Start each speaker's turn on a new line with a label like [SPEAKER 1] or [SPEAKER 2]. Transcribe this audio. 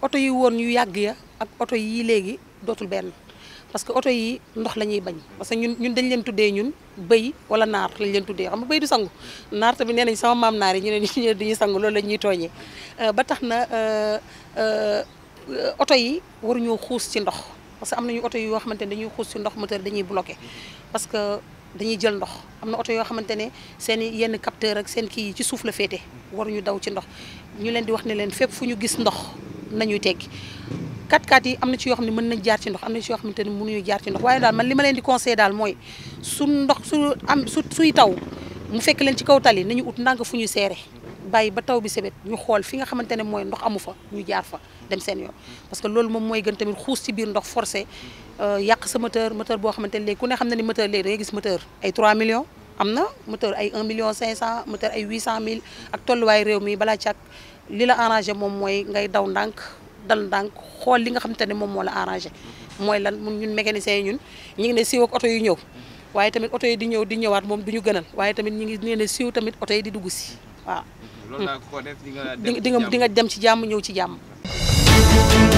[SPEAKER 1] oto yi woon ñu yàgg ya ak oto yii léegi dootul benn parce que oto yi ndox la ñuy bañ parce que ñun ñun dañ leen tuddee ñun bëy wala naar lañ leen tuddee xam nga bëy du sangu naar tamit ne nañ sama maam naar yi ñu ne duñuy sangu loolu la ñuy tooñee euh, ba tax na euh, euh, oto yi waruñoo xuus ci ndox parce que am nañu oto yoo xamante ne dañuy xuus ci ndox moteur dañuy bloqué parce que dañuy jël ndox am na oto yoo xamante ne seen yenn capteur ak seen kii yi ci suuf la féete waruñu daw ci ndox ñu leen di wax ne leen fépp fu ñu gis ndox nañuy tekki kat-kat yi am na ci yoo xam ne mën nañ jaar ci ndox am na ci yoo xamante ne mënuñu jaar ci ndox waaye daal man li ma leen di conseil daal mooy su ndox su am su suy taw mu fekk leen ci kaw tali nañu ut ndànk fu ñu seere bàyyi ba taw bi sebet ñu xool fi nga xamante ne mooy ndox amu fa ñu jaar fa dem seen yoon parce que loolu moom mooy gën tamit xuus ci biir ndox forcé euh, yàq sa moteur moteur boo xamante ne léegi ku ne xam na ni moteur léegi da ngay gis moteur ay 3 ay 1 million 500 moteur ay 800 mille ak tolluwaay réew mi balaa càkk lii la arrangé moom mooy ngay daw ndànk dal ndànk xool li nga xam te ne moom moo la arrangé mooy lan mun ñun mécaniciens yi ñun ñu ngi ne siiw ak oto ñëw waaye tamit oto yi di ñëw di ñëwaat moom du ñu gënal waaye tamit ñu ngi nee ne siiw tamit oto yi di dugg si waaw. loolu di nga hmm. di nga dem ci jàmm ñëw ci jàmm.